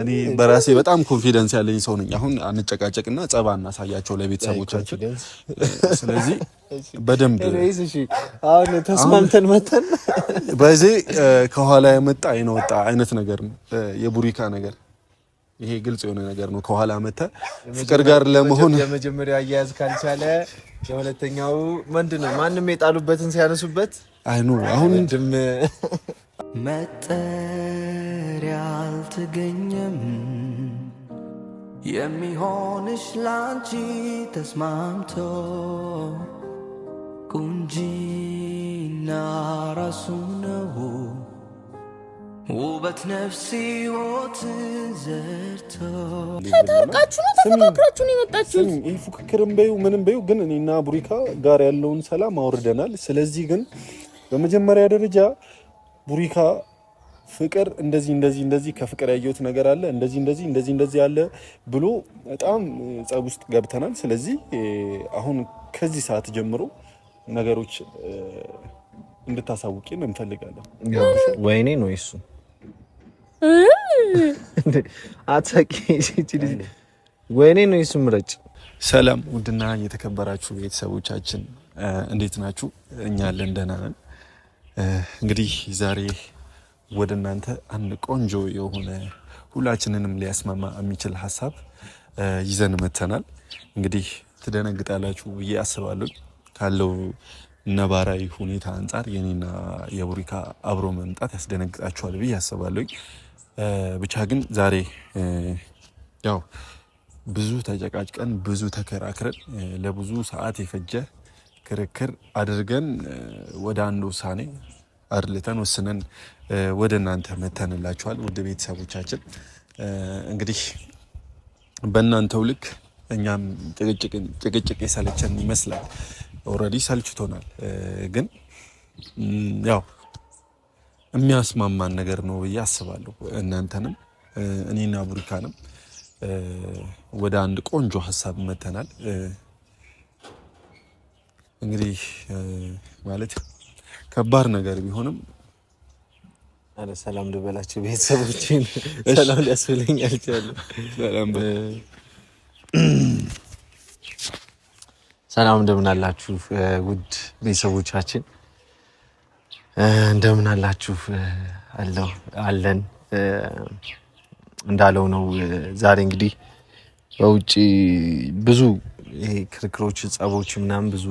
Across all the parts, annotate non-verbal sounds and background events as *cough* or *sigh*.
እኔ በራሴ በጣም ኮንፊደንስ ያለኝ ሰው ነኝ። አሁን አንጨቃጨቅና ጸባ እናሳያቸው ለቤተሰቦቻችን። *laughs* ስለዚህ በደንብ አሁን ተስማምተን መተን *laughs* በዚህ ከኋላ የመጣ አይነ አይነት ነገር ነው የቡሪካ ነገር። ይሄ ግልጽ የሆነ ነገር ነው። ከኋላ መተ ፍቅር ጋር ለመሆን የመጀመሪያ አያያዝ ካልቻለ የሁለተኛው ምንድን ነው? ማንም የጣሉበትን ሲያነሱበት አይኑ አሁን መጠሪያ አልተገኘም የሚሆንሽ ላንቺ ተስማምቶ ቁንጂና ራሱ ነው ውበት ነፍስ ሕይወት ዘርቶ ተታርቃችሁ ነው ተፈካክራችሁ ነው የመጣችሁት። ይህ ፉክክርም በዩ ምንም በዩ ግን እኔና ቡሪካ ጋር ያለውን ሰላም አውርደናል። ስለዚህ ግን በመጀመሪያ ደረጃ ቡሪካ ፍቅር እንደዚህ እንደዚህ እንደዚህ ከፍቅር ያየሁት ነገር አለ እንደዚህ እንደዚህ እንደዚህ እንደዚህ አለ ብሎ በጣም ጸብ ውስጥ ገብተናል። ስለዚህ አሁን ከዚህ ሰዓት ጀምሮ ነገሮች እንድታሳውቂን እንፈልጋለን። ወይኔ ነው እሱ አታቂ ወይኔ ነው እሱ ምረጭ። ሰላም ውድና የተከበራችሁ ቤተሰቦቻችን እንዴት ናችሁ? እኛ አለን ደህና ነን። እንግዲህ ዛሬ ወደ እናንተ አንድ ቆንጆ የሆነ ሁላችንንም ሊያስማማ የሚችል ሀሳብ ይዘን መተናል። እንግዲህ ትደነግጣላችሁ ብዬ አስባለሁ። ካለው ነባራዊ ሁኔታ አንጻር የኔና የቡሪካ አብሮ መምጣት ያስደነግጣችኋል ብዬ አስባለሁ። ብቻ ግን ዛሬ ያው ብዙ ተጨቃጭቀን ብዙ ተከራክረን ለብዙ ሰዓት የፈጀ ክርክር አድርገን ወደ አንድ ውሳኔ አድልተን ወስነን ወደ እናንተ መተንላችኋል። ውድ ቤተሰቦቻችን እንግዲህ በእናንተው ልክ እኛም ጭቅጭቅ የሰለቸን ይመስላል። ኦልሬዲ ሰልችቶናል፣ ግን ያው የሚያስማማን ነገር ነው ብዬ አስባለሁ። እናንተንም እኔና ቡሪካንም ወደ አንድ ቆንጆ ሀሳብ መተናል። እንግዲህ ማለት ከባድ ነገር ቢሆንም አለ ሰላም ልበላቸው ቤተሰቦችን። ሰላም ሊያስብለኝ አልቻለም። ሰላም እንደምን አላችሁ ውድ ቤተሰቦቻችን፣ እንደምን አላችሁ አለው አለን እንዳለው ነው። ዛሬ እንግዲህ በውጭ ብዙ ይሄ ክርክሮች፣ ጸቦች ምናምን ብዙ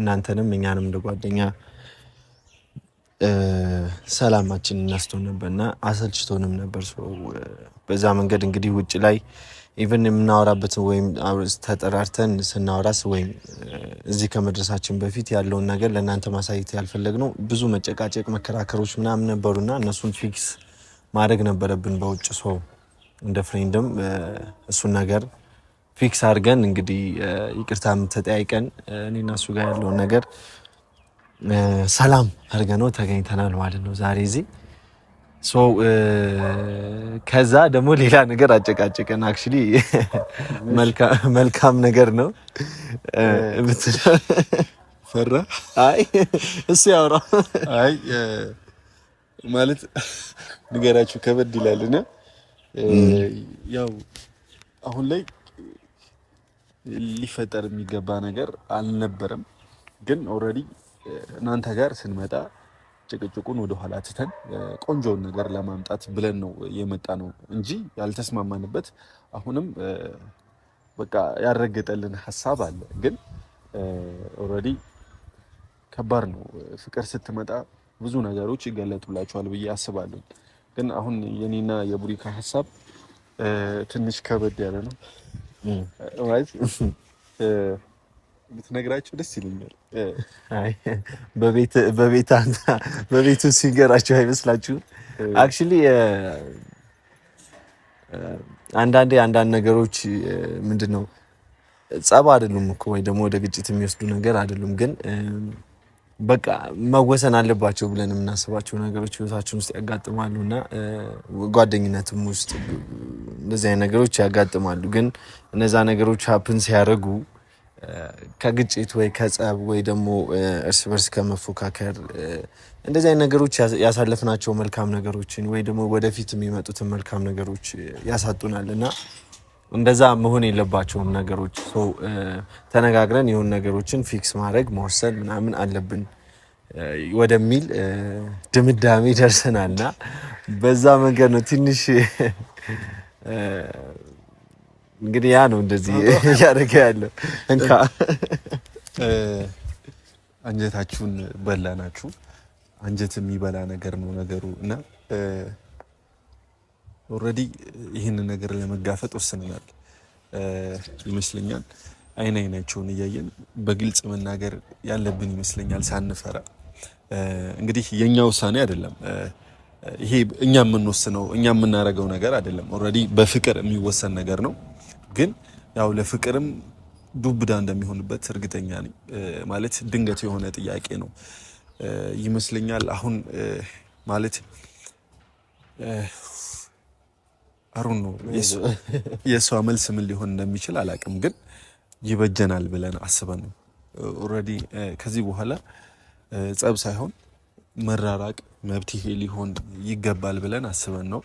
እናንተንም እኛንም እንደ ጓደኛ ሰላማችን እናስቶን ነበር እና አሰልችቶንም ነበር። ሰው በዛ መንገድ እንግዲህ ውጭ ላይ ኢቨን የምናወራበትን ወይም ተጠራርተን ስናወራስ ወይም እዚህ ከመድረሳችን በፊት ያለውን ነገር ለእናንተ ማሳየት ያልፈለግነው ብዙ መጨቃጨቅ፣ መከራከሮች ምናምን ነበሩና እነሱን ፊክስ ማድረግ ነበረብን በውጭ ሰው እንደ ፍሬንድም እሱን ነገር ፊክስ አድርገን እንግዲህ ይቅርታም ተጠያይቀን እኔና እሱ ጋር ያለውን ነገር ሰላም ነው ተገኝተናል ማለት ነው ዛሬ እዚህ። ከዛ ደግሞ ሌላ ነገር አጨቃጨቀን። አክቹዋሊ *laughs* መልካም ነገር ነው *laughs* ፈራ አይ እሱ ያውራ *laughs* አይ ማለት ንገራችሁ ከበድ ይላልና ያው አሁን ላይ ሊፈጠር የሚገባ ነገር አልነበረም። ግን ኦልሬዲ እናንተ ጋር ስንመጣ ጭቅጭቁን ወደኋላ ትተን ቆንጆውን ነገር ለማምጣት ብለን ነው የመጣ ነው እንጂ ያልተስማማንበት አሁንም በቃ ያረገጠልን ሀሳብ አለ። ግን ኦልሬዲ ከባድ ነው። ፍቅር ስትመጣ ብዙ ነገሮች ይገለጡላቸዋል ብዬ አስባለሁ። ግን አሁን የኔና የቡሪካ ሀሳብ ትንሽ ከበድ ያለ ነው። ማለት ብትነግራቸው ደስ ይለኛል። በቤቱ ሲንገራቸው አይመስላችሁም? አክቹዋሊ አንዳንዴ አንዳንድ ነገሮች ምንድን ነው ጸብ አይደሉም እኮ ወይ ደግሞ ወደ ግጭት የሚወስዱ ነገር አይደሉም ግን በቃ መወሰን አለባቸው ብለን የምናስባቸው ነገሮች ህይወታችን ውስጥ ያጋጥማሉ እና ጓደኝነትም ውስጥ እንደዚህ አይነት ነገሮች ያጋጥማሉ። ግን እነዛ ነገሮች ሀፕን ሲያደርጉ ከግጭት ወይ ከጸብ ወይ ደግሞ እርስ በርስ ከመፎካከር እንደዚህ አይነት ነገሮች ያሳለፍናቸው መልካም ነገሮችን ወይ ደግሞ ወደፊት የሚመጡትን መልካም ነገሮች ያሳጡናል እና እንደዛ መሆን የለባቸውም ነገሮች። ተነጋግረን የሆኑ ነገሮችን ፊክስ ማድረግ መወሰን ምናምን አለብን ወደሚል ድምዳሜ ደርሰናል እና በዛ መንገድ ነው ትንሽ እንግዲህ ያ ነው እንደዚህ እያደረገ ያለው። እንካ አንጀታችሁን በላናችሁ። አንጀት የሚበላ ነገር ነው ነገሩ እና ኦልሬዲ ይህንን ነገር ለመጋፈጥ ወስነናል ይመስለኛል። አይን አይናቸውን እያየን በግልጽ መናገር ያለብን ይመስለኛል ሳንፈራ። እንግዲህ የእኛ ውሳኔ አይደለም ይሄ፣ እኛ የምንወስነው እኛ የምናደርገው ነገር አይደለም። ኦልሬዲ በፍቅር የሚወሰን ነገር ነው። ግን ያው ለፍቅርም ዱብዳ እንደሚሆንበት እርግጠኛ ነኝ። ማለት ድንገት የሆነ ጥያቄ ነው ይመስለኛል አሁን ማለት አሩን ነው የእሷ መልስ ምን ሊሆን እንደሚችል አላቅም፣ ግን ይበጀናል ብለን አስበን ነው ኦልሬዲ። ከዚህ በኋላ ጸብ ሳይሆን መራራቅ መብትሄ ሊሆን ይገባል ብለን አስበን ነው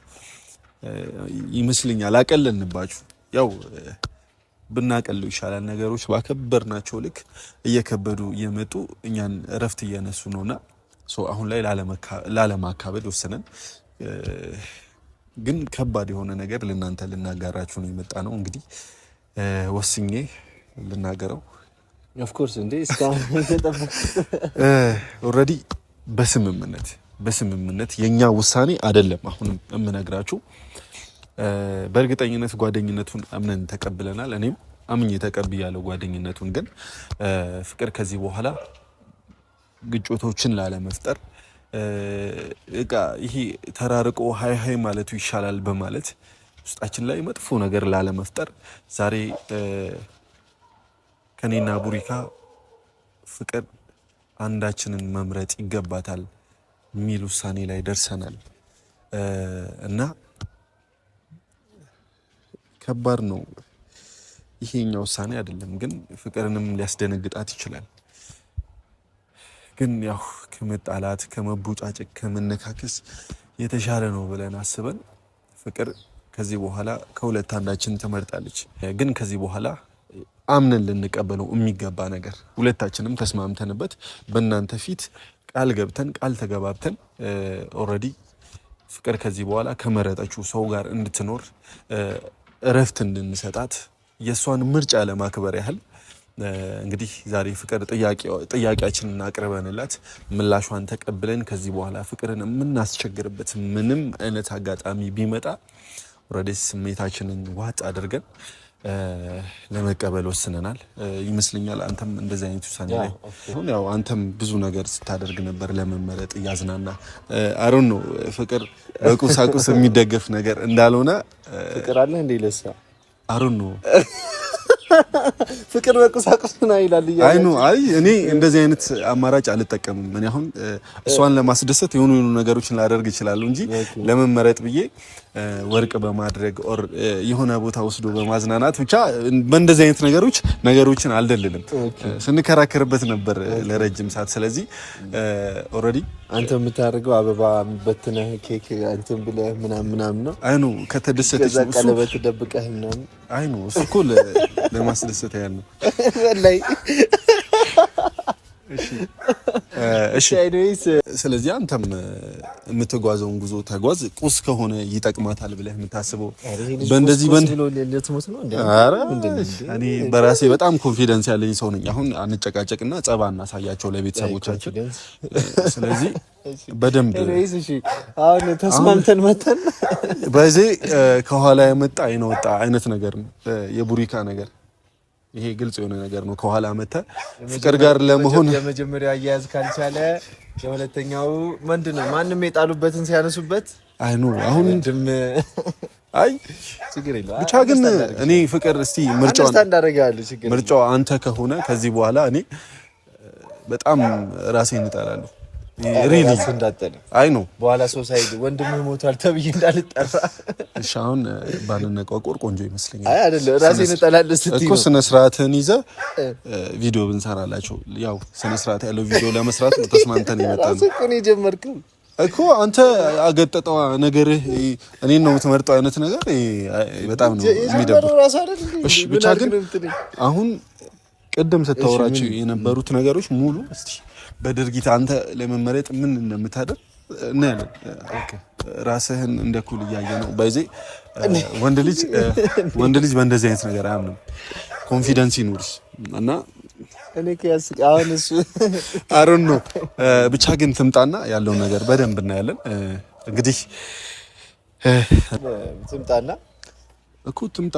ይመስልኛል። አቀለልንባችሁ ያው ብናቀሉ ይሻላል። ነገሮች ባከበርናቸው ልክ እየከበዱ እየመጡ እኛን እረፍት እየነሱ ነውና አሁን ላይ ላለማካበድ ወስነን ግን ከባድ የሆነ ነገር ለእናንተ ልናጋራችሁ ነው የመጣ ነው። እንግዲህ ወስኜ ልናገረው ኦፍኮርስ እንዴ *laughs* ኦልሬዲ በስምምነት በስምምነት የእኛ ውሳኔ አይደለም። አሁንም የምነግራችሁ በእርግጠኝነት ጓደኝነቱን አምነን ተቀብለናል። እኔም አምኜ ተቀብያለሁ ጓደኝነቱን። ግን ፍቅር ከዚህ በኋላ ግጭቶችን ላለመፍጠር እቃ ይሄ ተራርቆ ሀይ ሀይ ማለቱ ይሻላል በማለት ውስጣችን ላይ መጥፎ ነገር ላለመፍጠር ዛሬ ከኔና ቡሪካ ፍቅር አንዳችንን መምረጥ ይገባታል የሚል ውሳኔ ላይ ደርሰናል እና ከባድ ነው። ይሄኛ ውሳኔ አይደለም ግን ፍቅርንም ሊያስደነግጣት ይችላል። ግን ያው ከመጣላት ከመቦጫጭቅ ከመነካከስ የተሻለ ነው ብለን አስበን ፍቅር ከዚህ በኋላ ከሁለት አንዳችን ትመርጣለች። ግን ከዚህ በኋላ አምነን ልንቀበለው የሚገባ ነገር ሁለታችንም ተስማምተንበት በእናንተ ፊት ቃል ገብተን ቃል ተገባብተን ኦልሬዲ ፍቅር ከዚህ በኋላ ከመረጠችው ሰው ጋር እንድትኖር እረፍት እንድንሰጣት የእሷን ምርጫ ለማክበር ያህል እንግዲህ ዛሬ ፍቅር ጥያቄያችንን አቅርበንላት ምላሿን ተቀብለን ከዚህ በኋላ ፍቅርን የምናስቸግርበት ምንም አይነት አጋጣሚ ቢመጣ ኦልሬዲ ስሜታችንን ዋጥ አድርገን ለመቀበል ወስነናል ይመስለኛል። አንተም እንደዚ አይነት ውሳኔ ላይ ያው አንተም ብዙ ነገር ስታደርግ ነበር ለመመረጥ እያዝናና አሮን ነው ፍቅር በቁሳቁስ የሚደገፍ ነገር እንዳልሆነ ፍቅር አለ እንደ ይለሳ አሮን ነው *laughs* ፍቅር በቁሳቁስ ና ይላል። አይ ኖ አይ እኔ እንደዚህ አይነት አማራጭ አልጠቀምም። እኔ አሁን እሷን ለማስደሰት የሆኑ የሆኑ ነገሮችን ላደርግ እችላለሁ እንጂ ለመመረጥ ብዬ ወርቅ በማድረግ ኦር የሆነ ቦታ ወስዶ በማዝናናት ብቻ በእንደዚህ አይነት ነገሮች ነገሮችን አልደልልም ስንከራከርበት ነበር ለረጅም ሰዓት። ስለዚህ ኦልሬዲ አንተ የምታደርገው አበባ በትነህ ኬክ እንትን ብለህ ምናምን ምናምን ነው። አይኑ ከተደሰተች ቀለበት ደብቀህ ምናምን አይኑ እሱ እኮ ለማስደሰት ያህል ነው *laughs* ላይ *laughs* ስለዚህ አንተም የምትጓዘውን ጉዞ ተጓዝ። ቁስ ከሆነ ይጠቅማታል ብለህ የምታስበው በእንደዚህ እኔ በራሴ በጣም ኮንፊደንስ ያለኝ ሰው ነኝ። አሁን አንጨቃጨቅና ጸባ እናሳያቸው ለቤተሰቦቻችን። ስለዚህ በደንብ አሁን ተስማምተን መተን በዚህ ከኋላ የመጣ አይነወጣ አይነት ነገር የቡሪካ ነገር ይሄ ግልጽ የሆነ ነገር ነው። ከኋላ መተ ፍቅር ጋር ለመሆን የመጀመሪያ አያያዝ ካልቻለ የሁለተኛው ምንድን ነው? ማንም የጣሉበትን ሲያነሱበት አይኑ አሁን ድም አይ ችግር የለም ብቻ ግን እኔ ፍቅር እስቲ ምርጫው አንተ ከሆነ ከዚህ በኋላ እኔ በጣም ራሴን እጠላለሁ። አይ ነው በኋላ ሶሳይድ ወንድም ሞቷል ተብዬ እንዳልጠራ። እሺ አሁን ባልነቋቆር ቆንጆ ይመስለኛል። አይ አይደለም ራሴን እጠላለሁ ስትይ እኮ ስነ ስርዓትህን ይዘህ ቪዲዮ ብንሰራላቸው ያው ስነ ስርዓት ያለው ቪዲዮ ለመስራት ተስማምተን ይመጣል እኮ ነው የጀመርከው እኮ አንተ አገጠጠዋ ነገርህ እኔን ነው የምትመርጠው አይነት ነገር በጣም ነው የሚደብር። እሺ ብቻ ግን አሁን ቅድም ስታወራቸው የነበሩት ነገሮች ሙሉ እስኪ በድርጊት አንተ ለመመረጥ ምን እንደምታደር እናያለን። ራስህን እንደ ኩል እያየ ነው ባይዜ ወንድ ልጅ ወንድ ልጅ በእንደዚህ አይነት ነገር አያምንም። ኮንፊደንስ ይኑርስ እና አሁን አሮን ነው ብቻ ግን ትምጣና ያለውን ነገር በደንብ እናያለን። እንግዲህ ትምጣና እኮ ትምጣ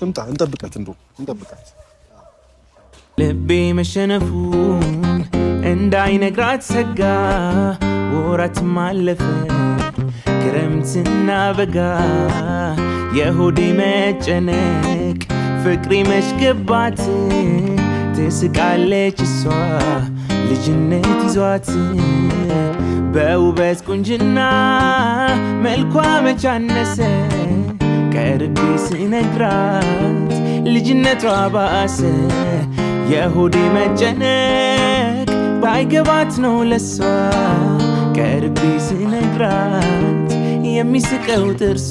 ትምጣ እንጠብቃት እንዶ እንጠብቃት ልቤ መሸነፉን እንዳይነግራት ሰጋ። ወራት ማለፈ ክረምትና በጋ። የሆዴ መጨነቅ ፍቅሪ መች ትስቃለች እሷ ልጅነት ይዟት በውበት ቁንጅና መልኳ መቻነሰ ቀርቤ ስነግራት ልጅነቷ ባሰ። የሆዴ መጨነቅ ባይገባት ነው ለሷ ቀርቤ ስነግራት የሚስቀው ጥርሷ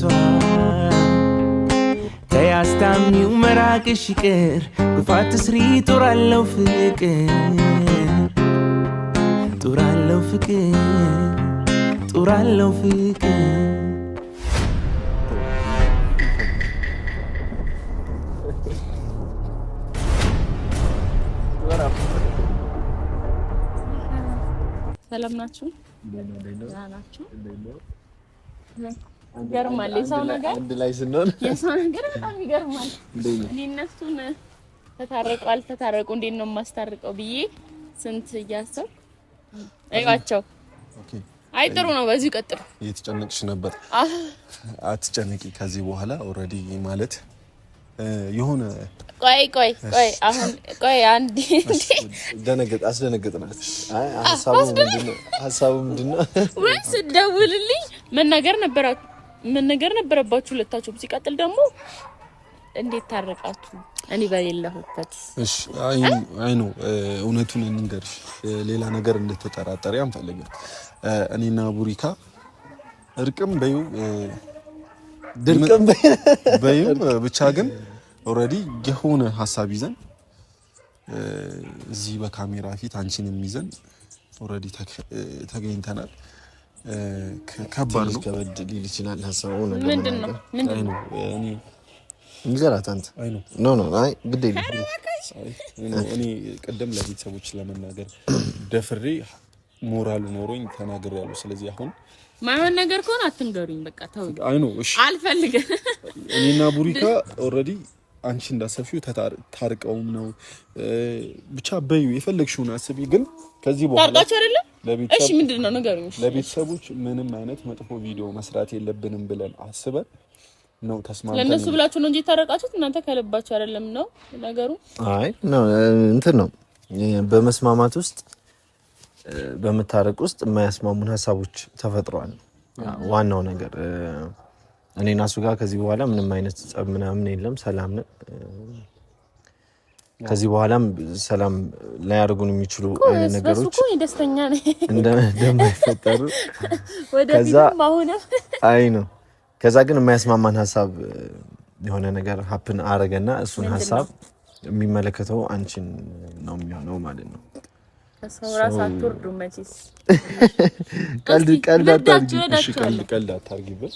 ተያስታሚው መራቅሽ ይቅር ጉፋት ስሪ ጦራለው ፍቅር ጦራለው ፍቅር ጦራለው ፍቅር ሰላም ናችሁ? ናችሁ? ይገርማል። የሰው ነገር አንድ ላይ ስንሆን የሰው ነገር በጣም ይገርማል። እኔ እነሱን ተታረቁ አልተታረቁ እንዴት ነው የማስታርቀው ብዬ ስንት እያሰብኩ እዩዋቸው። አይ ጥሩ ነው፣ በዚሁ ቀጥሉ። እየተጨነቅሽ ነበር። አትጨነቂ። ከዚህ በኋላ ኦልሬዲ ማለት የሆነ ቆይ ቆይ ቆይ አሁን ቆይ አንዴ ደነገጥ አስደነገጥናት። አይ ሀሳቡ ምንድን ነው ወይስ ደውልልኝ መናገር ነበራችሁ መናገር ነበረባችሁ ሁለታችሁም። ሲቀጥል ደግሞ እንዴት ታረቃችሁ? እኔ በሌለሁበት እሺ። አይ ነው እውነቱን እንንገር። ሌላ ነገር እንድትጠራጠሪ አንፈልግም። እኔና ቡሪካ እርቅም በዩ ድርቅም በዩ ብቻ ግን ኦልሬዲ የሆነ ሀሳብ ይዘን እዚህ በካሜራ ፊት አንቺንም ይዘን ኦልሬዲ ተገኝተናል። ከባድ ነው፣ ከበድ ሊል ይችላል። ሀሳብ ምንድን ነው? አንተ። ኖ ኖ፣ አይ ግድ እኔ ቅድም ለቤተሰቦች ለመናገር ደፍሬ ሞራሉ ኖሮኝ ተናግሬያለሁ። ስለዚህ አሁን ማይሆን ነገር ከሆነ አትንገሩኝ፣ በቃ ተው። አይ ኖ፣ እሺ፣ አልፈልግም። እኔና ቡሪካ ኦልሬዲ አንቺ እንዳሰፊው ታርቀውም ነው ብቻ በዩ የፈለግሽውን አስቢ። ግን ከዚህ በኋላ ታርቃችሁ አይደለም? እሺ ነው ለቤተሰቦች ምንም አይነት መጥፎ ቪዲዮ መስራት የለብንም ብለን አስበን ነው ተስማምተን። ለእነሱ ብላችሁ ነው እንጂ የታረቃችሁት እናንተ ከልባችሁ አይደለም ነው ነገሩ። አይ እንትን ነው በመስማማት ውስጥ በመታረቅ ውስጥ የማያስማሙን ሀሳቦች ተፈጥረዋል። ዋናው ነገር እኔ እና እሱ ጋር ከዚህ በኋላ ምንም አይነት ጸብ ምናምን የለም። ሰላም ከዚህ በኋላም ሰላም ላያደርጉን የሚችሉ አይነት ነገሮች እንደማይፈጠሩ *laughs* አይ ነው። ከዛ ግን የማያስማማን ሀሳብ የሆነ ነገር ሀፕን አረገና እሱን ሀሳብ የሚመለከተው አንቺን ነው የሚሆነው ማለት ነው። *laughs* ቀልድ ቀልድ አታርጊበት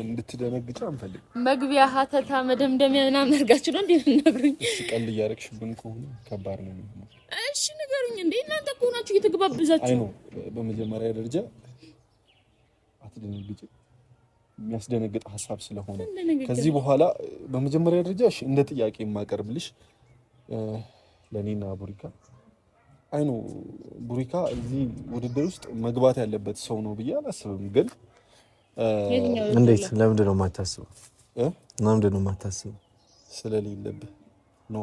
እንድትደነግጫ አንፈልግ። መግቢያ ሀተታ መደምደሚያ ምናምን አድርጋችሁ ነው እንደምናገሩኝ። እሺ ቀልድ እያደረግሽብን ከሆነ ከባድ ነው። እሺ ንገሩኝ እንዴ እናንተ ከሆናችሁ እየተግባብዛችሁ። አይ ነው በመጀመሪያ ደረጃ አትደነግጭ፣ የሚያስደነግጥ ሀሳብ ስለሆነ ከዚህ በኋላ በመጀመሪያ ደረጃ እሺ እንደ ጥያቄ የማቀርብልሽ ለኔና ቡሪካ አይ ነው ቡሪካ እዚህ ውድድር ውስጥ መግባት ያለበት ሰው ነው ብዬ አላስብም ግን እንዴት? ለምንድን ነው የማታስበው? ለምንድን ነው የማታስበው? ስለሌለብህ ነው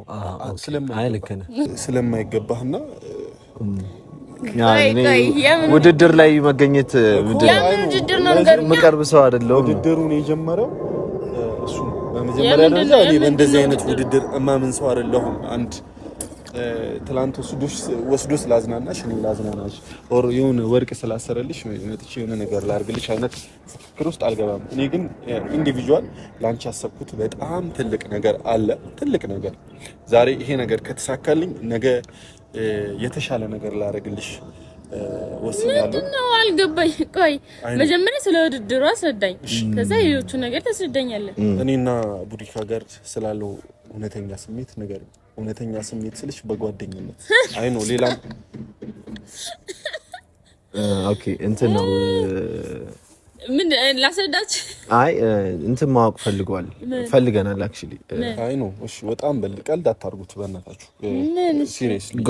ስለማይገባህና ውድድር ላይ መገኘት ምቀርብ ሰው አይደለሁም። ውድድሩን የጀመረው እሱ በመጀመሪያ ደረጃ እኔ በእንደዚህ አይነት ውድድር እማምን ሰው አይደለሁም። አንድ ትላንት ወስዶ ስላዝናናሽ እኔ ላዝናናሽ፣ ኦር የሆነ ወርቅ ስላሰረልሽ መጥቼ የሆነ ነገር ላርግልሽ አይነት ፍክክር ውስጥ አልገባም። እኔ ግን ኢንዲቪጁዋል ላንቺ ያሰብኩት በጣም ትልቅ ነገር አለ። ትልቅ ነገር ዛሬ ይሄ ነገር ከተሳካልኝ ነገ የተሻለ ነገር ላረግልሽ ወስኛለሁ። አልገባኝ። ቆይ መጀመሪያ ስለ ውድድሩ አስረዳኝ፣ ከዛ የሌሎቹ ነገር ታስረዳኛለህ። እኔና ቡሪካ ጋር ስላለው እውነተኛ ስሜት ንገረኝ። እውነተኛ ስሜት ስልሽ በጓደኝነት አይ ነው ሌላ ኦኬ እንትን ነው ምን ላስረዳችሁ። አይ እንትን ማወቅ ፈልገዋል ፈልገናል። አክቹሊ አይ ነው እሺ፣ በጣም ቀልድ አታርጉት በእናታችሁ። ሲሪየስሊ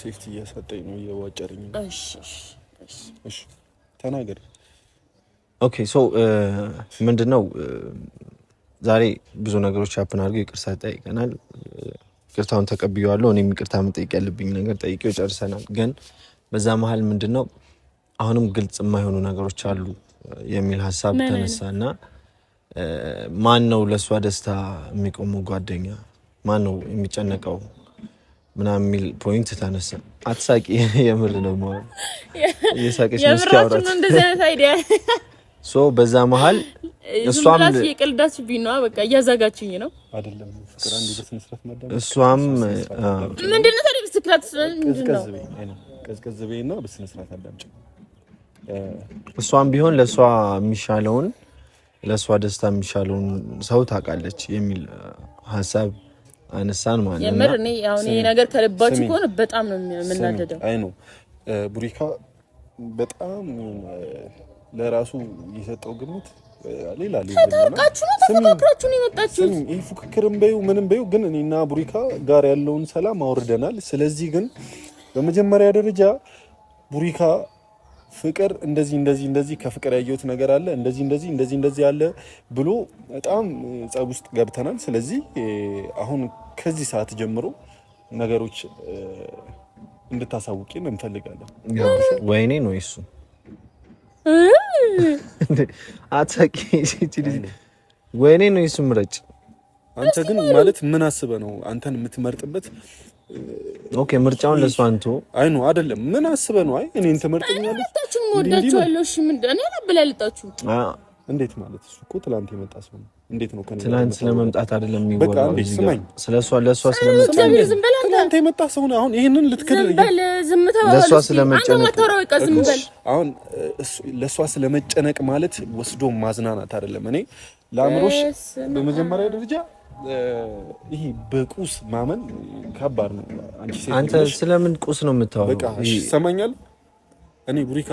ሴፍቲ እያሳጠኝ ነው እየዋጨረኝ ተናገር እሺ ኦኬ ሶ ምንድን ነው ዛሬ ብዙ ነገሮች ያፕን አድርገው ይቅርታ ጠይቀናል። ይቅርታውን ተቀብያዋለሁ። እኔም ይቅርታ መጠየቅ ያለብኝ ነገር ጠይቄው ጨርሰናል። ግን በዛ መሀል ምንድን ነው አሁንም ግልጽ የማይሆኑ ነገሮች አሉ የሚል ሀሳብ ተነሳ እና ማን ነው ለእሷ ደስታ የሚቆመው ጓደኛ ማን ነው የሚጨነቀው ምናምን የሚል ፖይንት ተነሳ። አትሳቂ፣ *laughs* የምር ነው እየሳቀች የሳቀች። ሶ በዛ መሀል እሷም እየቀልዳችብኝ ቢኗ በቃ እያዛጋችኝ ነው። እሷም ምንድን ነው ታዲያ ብስክራት እሷም ቢሆን ለእሷ የሚሻለውን ለእሷ ደስታ የሚሻለውን ሰው ታውቃለች የሚል ሀሳብ አነሳን ማለት ነው። የምር እኔ አሁን ይሄ ነገር ከልባችሁ ከሆነ በጣም ነው የምናደደው። አይ ነው ቡሪካ በጣም ለራሱ የሰጠው ግምት ሌላ ተታርቃችሁ ነው ነው የመጣችሁት። ይህ ፉክክርም በይው ምንም በይው ግን እኔና ቡሪካ ጋር ያለውን ሰላም አውርደናል። ስለዚህ ግን በመጀመሪያ ደረጃ ቡሪካ ፍቅር እንደዚህ እንደዚህ እንደዚህ ከፍቅር ያየሁት ነገር አለ እንደዚህ እንደዚህ እንደዚህ እንደዚህ አለ ብሎ በጣም ጸብ ውስጥ ገብተናል። ስለዚህ አሁን ከዚህ ሰዓት ጀምሮ ነገሮች እንድታሳውቂን እንፈልጋለን። ወይኔ ነው እሱ አታቂ ወይኔ ነው ይሱ አንተ ግን ማለት ምን አስበህ ነው አንተን የምትመርጥበት? ኦኬ ምርጫውን ለእሱ አይ ነው አይደለም። ምን አስበህ ነው? አይ እኔን ትመርጠኛለህ? እንዴት ማለት እሱ እኮ ትላንት የመጣ ሰው ነው። እንዴት ነው ትላንት ስለመምጣት አይደለም የሚወራው። በቃ ስማኝ፣ ስለሷ ለሷ ስለመጨነቅ ትላንት የመጣ ሰው ነው። አሁን ይሄንን ልትከድር ለሷ ስለመጨነቅ አሁን ለሷ ስለመጨነቅ ማለት ወስዶ ማዝናናት አይደለም። እኔ ለአእምሮሽ በመጀመሪያ ደረጃ ይሄ በቁስ ማመን ከባድ ነው። አንተ ስለምን ቁስ ነው የምታወራው? በቃ ሰማኛል እኔ ቡሪካ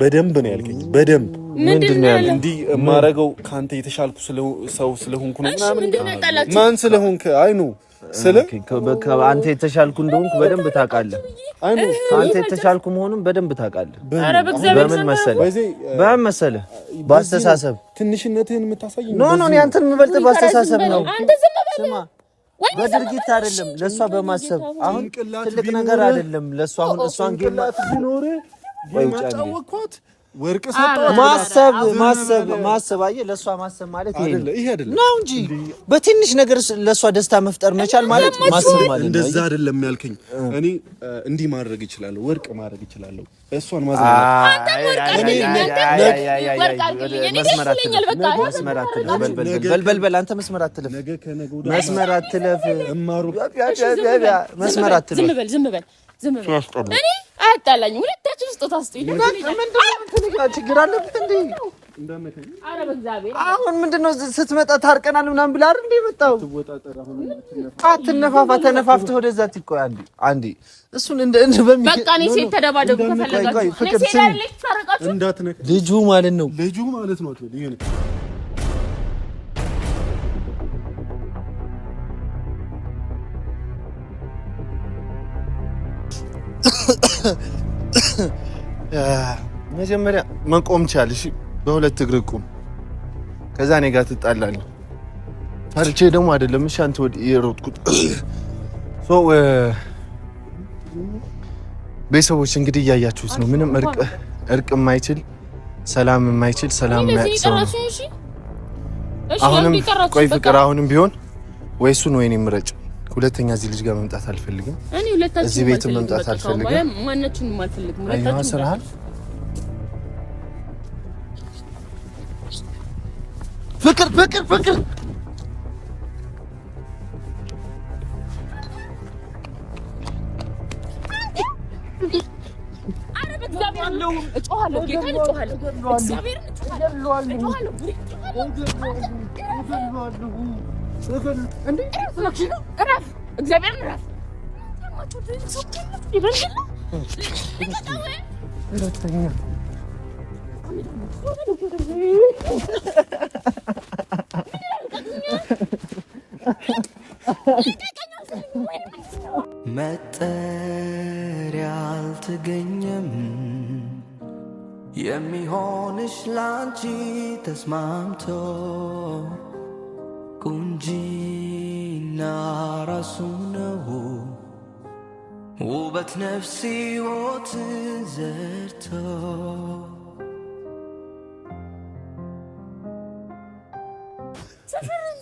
በደንብ ነው ያልከኝ። በደንብ ምንድን ነው ያልከኝ? እንዲህ የማደርገው ከአንተ የተሻልኩ ሰው ስለሆንኩ ነው ማን ስለሆንክ? አይ ኖ ስለ አንተ የተሻልኩ እንደሆንኩ በደንብ ታውቃለህ። አይ ኖ ከአንተ የተሻልኩ መሆኑን በደንብ ታውቃለህ። በምን መሰለህ? በምን መሰለህ? በአስተሳሰብ ትንሽነትህን የምታሳይ ኖ ኖ፣ ያንተን የምበልጥ በአስተሳሰብ ነው። ስማ በድርጊት አይደለም፣ ለእሷ በማሰብ አሁን ትልቅ ነገር አይደለም ለእሷ አሁን እሷን ጌላት ቢኖር ማጫወቅኳት ወርቅ ሰጠኋት። ማሰብ ማሰብ ማሰብ አየህ፣ ለእሷ ማሰብ ማለት ይሄ ነው እንጂ በትንሽ ነገር ለእሷ ደስታ መፍጠር መቻል ማለት ማሰብ ማለት እንደዛ አይደለም ያልከኝ። እኔ እንዲህ ማድረግ ይችላለሁ፣ ወርቅ ማድረግ ይችላለሁ፣ እሷን ማዘበልበልበል። አንተ መስመር አትለፍ፣ መስመር አትለፍ፣ መስመር አትለፍ። ዝም በል ዝም በል ዝም በል አያጣላኝ። ሁለታችን ስጦታ ስጡኝ። ችግር አለበት እንዴ? አሁን ምንድነው ነው ስትመጣ ታርቀናል ምናምን ብላ አይደል እንደ የመጣው አትነፋፋ። ተነፋፍተህ ወደዛ ትቆይ አንዴ። እሱን እንደ እንደ በሚ በቃ እኔ ሴት ተደባደቡ ከፈለጋችሁ ልጁ ማለት ነው ልጁ ማለት ነው ይሄ ነው *coughs* መጀመሪያ መቆም ቻል። እሺ፣ በሁለት እግር ቁም። ከዛ እኔ ጋር ትጣላለህ። ፈርቼ ደግሞ አይደለም። እሺ፣ አንተ ወዲህ የሮጥኩት *coughs* uh, ቤተሰቦች እንግዲህ እያያችሁት ነው። ምንም እርቅ እርቅ የማይችል ሰላም የማይችል ሰላም የማያቅሰው አሁንም ቆይ ፍቅር አሁንም ቢሆን ወይ እሱን ወይኔ ምረጭ ሁለተኛ እዚህ ልጅ ጋር መምጣት አልፈልግም። እኔ ሁለታችሁ እዚህ ቤት መምጣት አልፈልግም። ማናችሁንም አልፈልግም። ሁለታችሁ ስራህን ፍቅር ፍቅር ፍቅር አረ መጠሪያ አልተገኘም የሚሆንሽ ላንቺ ተስማምቶ ቁንጂና ራሱ ነው ውበት ነፍስ ሕይወት ዘርቶ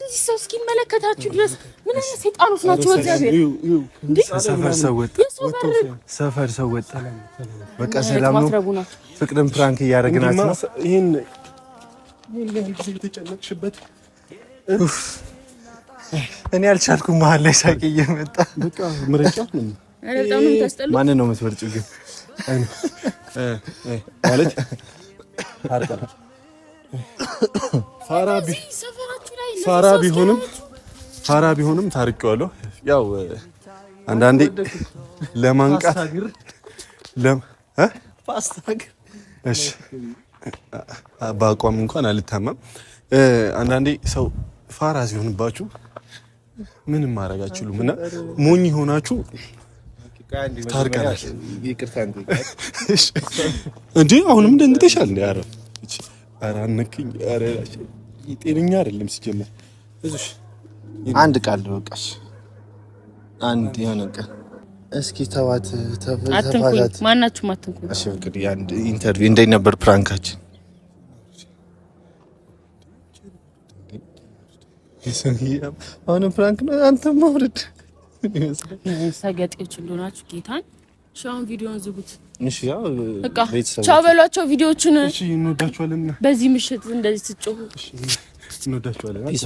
እዚህ ሰው እስኪመለከታችሁ ድረስ ምን አይነት ናቸው? ሰፈር ሰው ወጣ። በቃ ሰላም ነው። ፍቅርን ፕራንክ እያደረግናት ነው። ይህን የተጨነቅሽበት እኔ አልቻልኩም። መሀል ላይ ሳቂ እየመጣ ማንን ነው የምትመርጪው? ግን ማለት ፋራ ቢሆንም ፋራ ቢሆንም ታርቄዋለሁ። ያው አንዳንዴ ለማንቃት በአቋም እንኳን አልታማም። አንዳንዴ ሰው ፋራ ሲሆንባችሁ ምንም ማድረግ አትችሉም እና ሞኝ ሆናችሁ ታርቃለች። እንጂ አሁንም ደንግጠሻል እንዴ? አረ አረ አነክኝ አረ ጤነኛ አይደለም ሲጀመር። እሺ አንድ ቃል በቃሽ፣ አንድ የሆነ ቃል እስኪ ተዋት፣ ተፋታት። ማናችሁም አትንኩኝ። እሺ ፍቅር፣ እንዴት ነበር ፕራንካችን? አሁንም ፕራንክ ነው። አንተ ማውረድ ሰገጤዎች እንደሆናችሁ ጌታን ሻውን ቪዲዮን ዝጉት። እሺ ያው ቻው በሏቸው። ቪዲዮቹን። እሺ፣ እንወዳችኋለን። በዚህ ምሽት እንደዚህ ስጮሁ እሺ፣ እንወዳችኋለን።